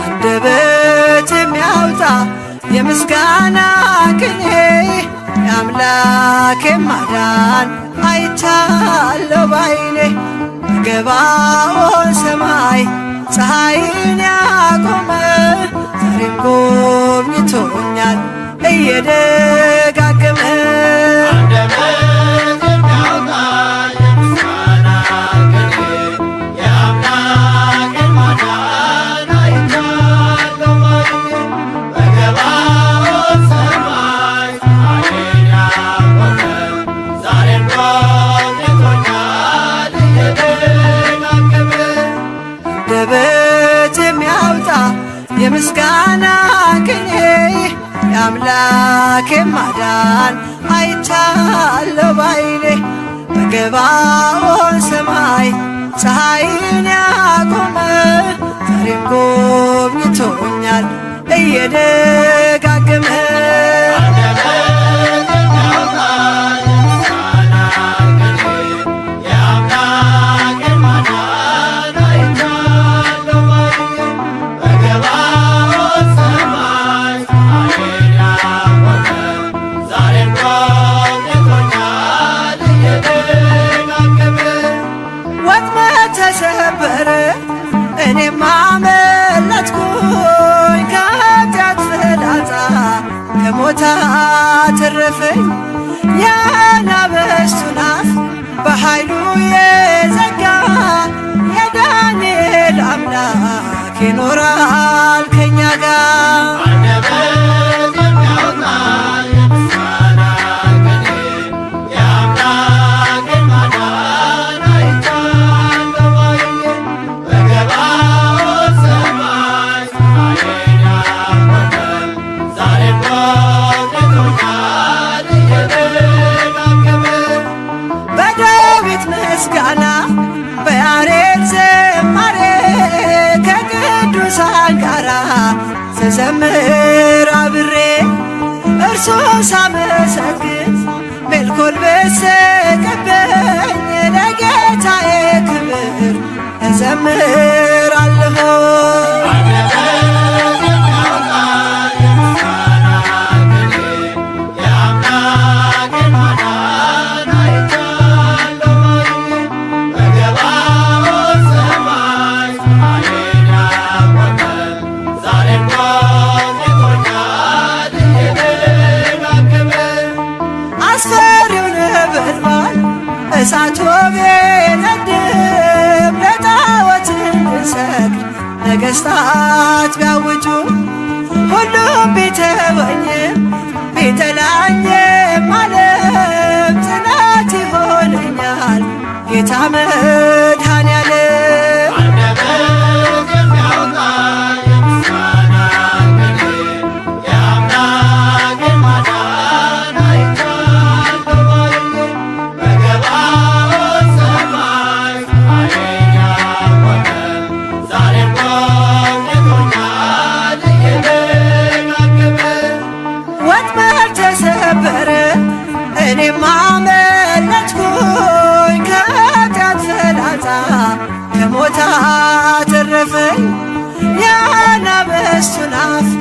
አንደበት የሚያወጣ የምስጋና ቅኔ የአምላክ ማዳን አይታ ገባኦን ሰማይ ፀሐይን ያቆመ ዛሬም ጎብኝቶኛል እየደ የምስጋና ቅኔ የአምላክ ማዳን አይቻለሁ ባይኔ በገባኦን ሰማይ ፀሐይን ያቆመ ዛሬም ጎብኝቶኛል እየደ ያኖረኝ የአናብስቱን አፍ በኃይሉ የዘጋ የዳንኤል አምላክ ይኖራል ከኛ ጋር ዳዊት ምስጋና በያሬድ ዝማሬ ከቅዱሳን ጋራ ስዘምር አብሬ እርሱን ሳመሰግን ሜልኮል ብስቅብኝ ለጌታዬ ክብር ነገሥታት ቢያውጁ ሁሉም ቢተወኝ ቢጠላኝም ማለም ጽናት ይሆነኛል ጌታ መ አተረፈኝ ያናበስቱን አፍ